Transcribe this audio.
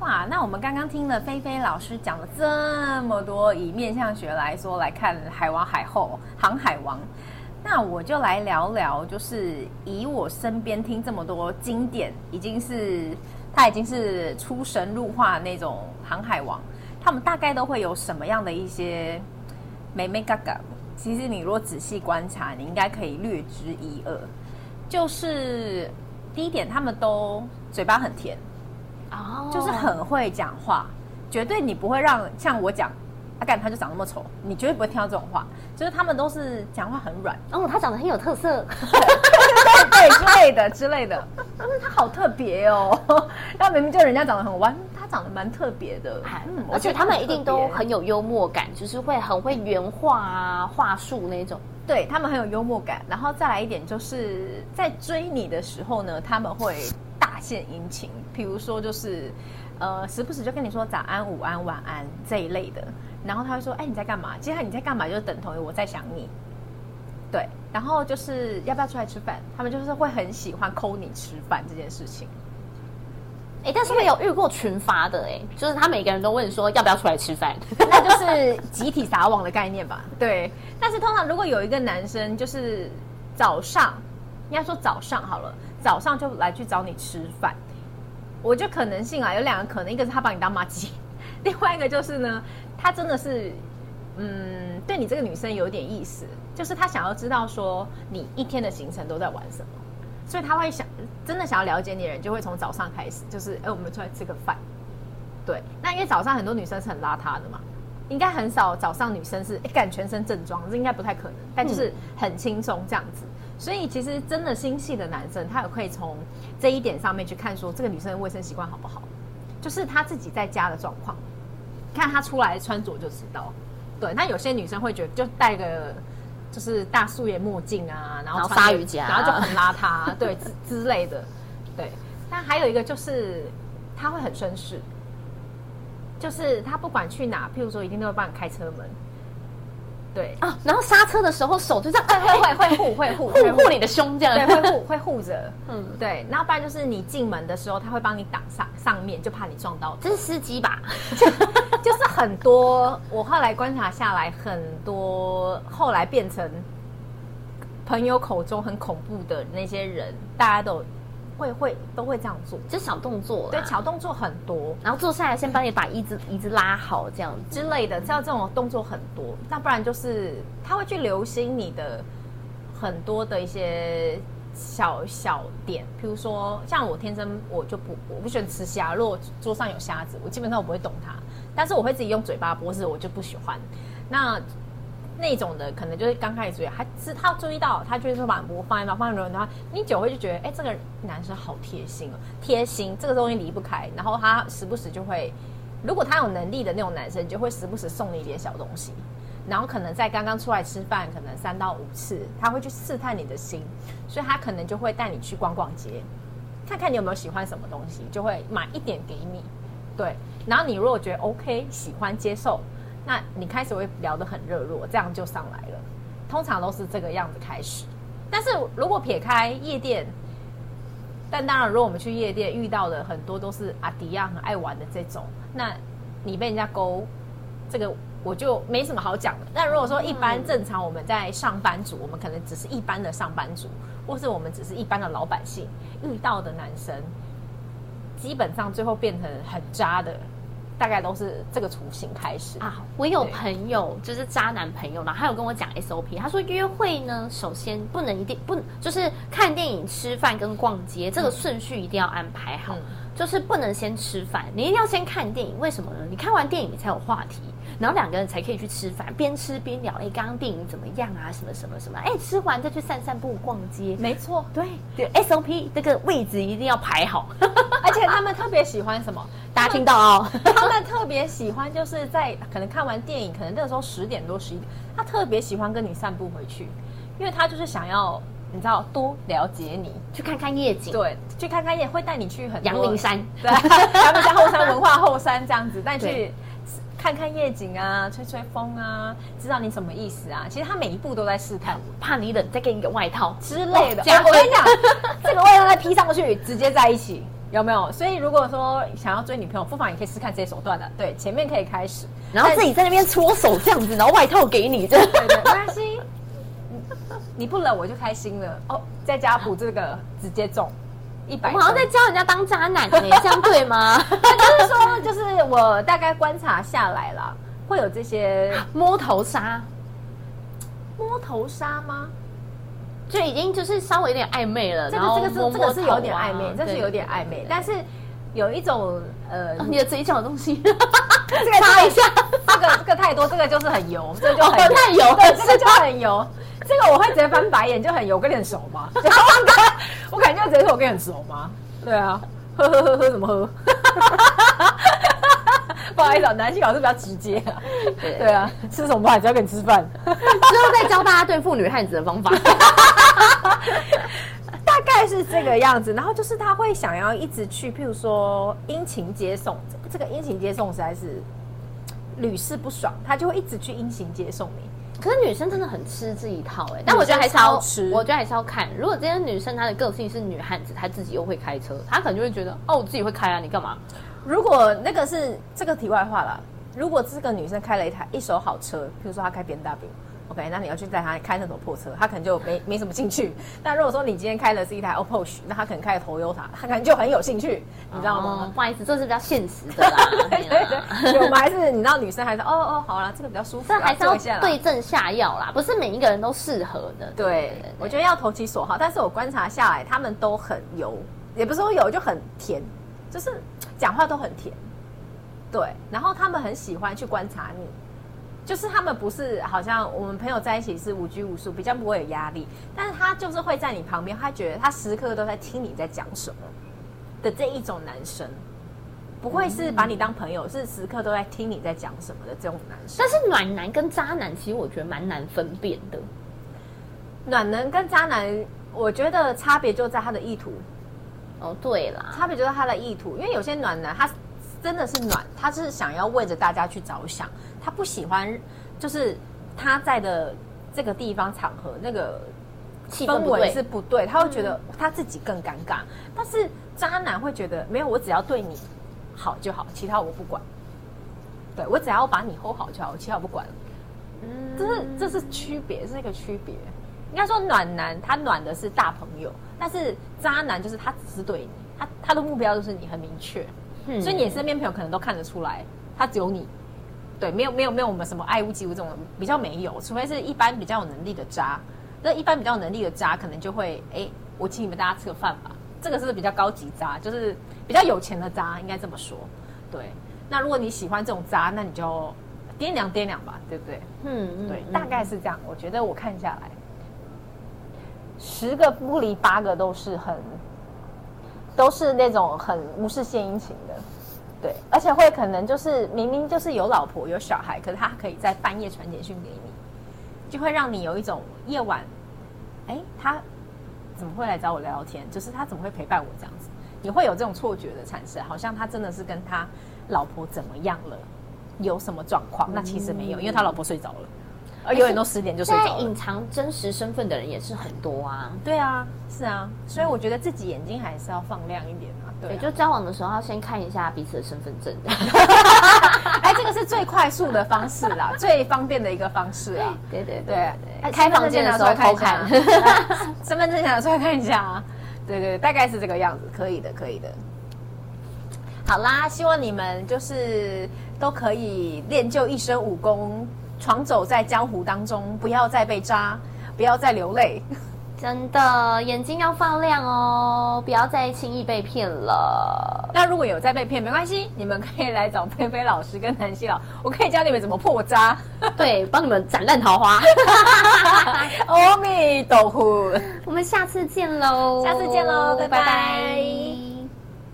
哇，那我們剛剛聽了菲菲老師講了這麼多，以面相學來說來看《海王》《海後》《航海王》，那我就來聊聊，就是以我身邊聽這麼多經典，已經是他已經是出神入化那種《航海王》，他們大概都會有什麼樣的一些眉眉角角？其實你如果仔細觀察，你應該可以略知一二。就是第一點，他們都嘴巴很甜。哦，oh. 就是很會講話，絕對你不會讓像我講阿幹，啊、幹，他就長那麼醜，你絕對不會聽到這種話。就是他們都是講話很軟，哦，oh, 他長得很有特色，對 對之類的之類的。們、嗯、他好特別哦、喔，那明明就人家長得很彎，他長得蠻特別的。而且他們一定都很有幽默感，就是會很會圓話啊，話術那種。對，他們很有幽默感，然後再來一點就是在追你的時候呢，他們會。獻殷勤，比如說就是，呃，時不時就跟你說早安、午安、晚安這一類的，然後他會說：“哎、欸，你在幹嘛？”接下來你在幹嘛，就是等同於我在想你，對。然後就是要不要出來吃飯，他們就是會很喜歡摳你吃飯這件事情。哎、欸，但是會有遇過群發的哎、欸。對就是他每個人都問說要不要出來吃飯，那 就是集體撒網的概念吧？對。但是通常如果有一個男生，就是早上，應該說早上好了。早上就來去找你吃飯，我覺得可能性啊有兩個可能，一個是他把你當麻吉，另外一個就是呢，他真的是，嗯，對你這個女生有點意思，就是他想要知道說你一天的行程都在玩什麼，所以他會想真的想要了解你的人，就會從早上開始，就是哎，我們出來吃個飯，對，那因為早上很多女生是很邋遢的嘛，應該很少早上女生是敢全身正裝，這應該不太可能，但就是很輕鬆這樣子。嗯所以，其實真的心細的男生，他也可以從這一點上面去看，說這個女生的衛生習慣好不好，就是她自己在家的狀況。看她出來穿着就知道。對，那有些女生會覺得，就戴個就是大素顏墨鏡啊，然後鯊魚夾，然後就很邋遢，啊、對，之 之類的。對，但還有一個就是，他會很紳士，就是他不管去哪，譬如說，一定都會幫你開車門。對啊，然後剎車的時候手就這樣，哎、會會會護會護、哎、會護會護你的胸這樣，對會護會護着，嗯對，然後不然就是你進門的時候他會幫你擋上上面，就怕你撞到，這是司機吧？ 就，就是很多我後來觀察下來，很多後來變成朋友口中很恐怖的那些人，大家都。會會都會這樣做，就小動作，對，小動作很多。然後坐下來，先幫你把椅子對椅子拉好，這樣之類的，像這種動作很多。那不然就是他會去留心你的很多的一些小小點，譬如說像我天生我就不我不喜歡吃蝦，如果桌上有蝦子，我基本上我不會動它，但是我會自己用嘴巴剝，我就不喜歡。那那種的可能就是剛開始注意，還是他注意到，他就是蠻不放心的。放心人的話，然後你久會就覺得，哎、欸，這個男生好貼心哦，貼心，這個東西離不開。然後他時不時就會，如果他有能力的那種男生，就會時不時送你一點小東西。然後可能在剛剛出來吃飯，可能三到五次，他會去試探你的心，所以他可能就會帶你去逛逛街，看看你有沒有喜歡什麼東西，就會買一點給你。對，然後你如果覺得 OK，喜歡接受。那你開始會聊得很熱絡，這樣就上來了。通常都是這個樣子開始。但是如果撇開夜店，但當然，如果我們去夜店遇到的很多都是阿弟仔很愛玩的這種，那你被人家勾，這個我就沒什麼好講的。那如果說一般正常，我們在上班族，我們可能只是一般的上班族，或是我們只是一般的老百姓遇到的男生，基本上最後變成很渣的。大概都是這個雛形開始啊。我有朋友對就是渣男朋友嘛，然後他有跟我講 SOP。他說約會呢，首先不能一定不就是看電影、吃飯跟逛街，這個順序一定要安排好。嗯、就是不能先吃飯，你一定要先看電影。為什麼呢？你看完電影才有話題，然後兩個人才可以去吃飯，邊吃邊聊。哎，剛剛電影怎麼樣啊？什麼什麼什麼？哎，吃完再去散散步、逛街。沒錯，對，對。SOP 這個位置一定要排好。 而且他們特別喜歡什麼？大家聽到哦， 他們特別喜歡就是在可能看完電影，可能那個時候十點多十一點，他特別喜歡跟你散步回去，因為他就是想要你知道多了解你，去看看夜景，對，去看看夜，會帶你去很多陽明山，對。他們叫後山 文化後山這樣子，帶你去對看看夜景啊，吹吹風啊，知道你什麼意思啊？其實他每一步都在試探，怕你冷，再給你一個外套之類的。哦、我跟你講， 這個外套再披上去，直接在一起。有沒有？所以如果說想要追女朋友，不妨也可以試看這些手段的。對，前面可以開始，然後自己在那邊搓手這樣子，然後外套給你，就對，對，對，沒關係。 你不冷我就開心了哦。在家補這個直接中一百，我好像在教人家當渣男呢，這樣對嗎？ 就是說，就是我大概觀察下來了，會有這些摸頭殺，摸頭殺嗎？就已經就是稍微有點曖昧了，然後這個摸，有點曖昧，這是有點曖昧。但是有一種呃，你的嘴角的東西，這個擦一下，這個這個太多，這個就是很油，這個很太油，這個就很油。這個我會直接翻白眼，就很油，跟你很熟嗎？我感覺直接說我跟你很熟嗎，對啊，喝喝喝喝怎麼喝？不好意思、啊，男性老師比較直接。 對，對啊，吃什麼飯？只要給你吃飯，之後再教大家對付女漢子的方法， 大概是這個樣子。然後就是他會想要一直去，譬如說殷勤接送，這個殷勤接送實在是屢試不爽，他就會一直去殷勤接送你，欸。可是女生真的很吃這一套哎，欸，嗯、但我覺得還是要，吃我覺得還是要看。如果這些女生她的個性是女漢子，她自己又會開車，她可能就會覺得哦，我自己會開啊，你幹嘛？如果那個是這個題外話啦，如果這個女生開了一台一手好車，譬如說她開 BMW，OK，、okay, 那你要去帶她開那種破車，她可能就沒沒什麼興趣。但如果說你今天開的是一台 OPPO，那她可能開的 Toyota，她可能就很有興趣，你知道嗎、哦？不好意思，這是比較現實的啦。 對，對對對，有嘛？ 還是你知道女生還是哦哦，好啦，這個比較舒服，這還是要對症下藥啦，不是每一個人都適合的。對，對，對，我覺得要投其所好，但是我觀察下來，她們都很油，也不是說油就很甜。就是講話都很甜，對，然後他們很喜歡去觀察你，就是他們不是好像我們朋友在一起是無拘無束，比較不會有壓力，但是他就是會在你旁邊，他覺得他時刻都在聽你在講什麼的這一種男生，不會是把你當朋友，是時刻都在聽你在講什麼的這種男生。嗯，但是暖男跟渣男其實我覺得蠻難分辨的，暖男跟渣男，我覺得差別就在他的意圖。哦，對了，差別就是他的意圖，因為有些暖男，他真的是暖，他是想要為着大家去着想，他不喜歡，就是他在的這個地方場合那個氛圍是不對，他會覺得他自己更尷尬。嗯。但是渣男會覺得，沒有，我只要對你好就好，其他我不管。對，我只要把你 hold 好就好，其他我不管。嗯，這是這是區別，是一個區別。應該說暖男，他暖的是大朋友，但是。渣男就是他只懟你，他他的目標就是你很明確，嗯、所以你身邊朋友可能都看得出來，他只有你，對，沒有沒有沒有我們什麼愛屋及烏這種比較沒有，除非是一般比較有能力的渣，那一般比較有能力的渣可能就會，哎、欸，我請你們大家吃個飯吧，這個是比較高級渣，就是比較有錢的渣，應該這麼說，對，那如果你喜歡這種渣，那你就掂量掂量吧，對不對？嗯，對，嗯、大概是這樣，我覺得我看下來。十個不離八個都是很，都是那種很無事獻殷勤的，對，而且會可能就是明明就是有老婆有小孩，可是他可以在半夜傳簡訊給你，就會讓你有一種夜晚，哎，他怎麼會來找我聊聊天？就是他怎麼會陪伴我這樣子？你會有這種錯覺的產生，好像他真的是跟他老婆怎麼樣了，有什麼狀況？那其實沒有，嗯、因為他老婆睡着了。九點多十點就睡着。現在隱藏真實身份的人也是很多啊。對啊，是啊，所以我覺得自己眼睛還是要放亮一點啊。對，就交往的時候要先看一下彼此的身份證。哎，這個是最快速的方式啦，最方便的一個方式啊。對對對，開房間的時候偷看，身份證拿出來看一下啊。對對，大概是這個樣子，可以的，可以的。好啦，希望你們就是都可以練就一身武功。闖走在江湖當中，不要再被渣，不要再流淚。真的，眼睛要放亮哦，不要再輕易被騙了。那如果有再被騙，沒關係，你們可以來找菲菲老師跟南希老師，我可以教你們怎麼破渣，對，幫你們斬爛桃花。阿彌陀佛，我們下次見嘍，下次見嘍拜，拜拜。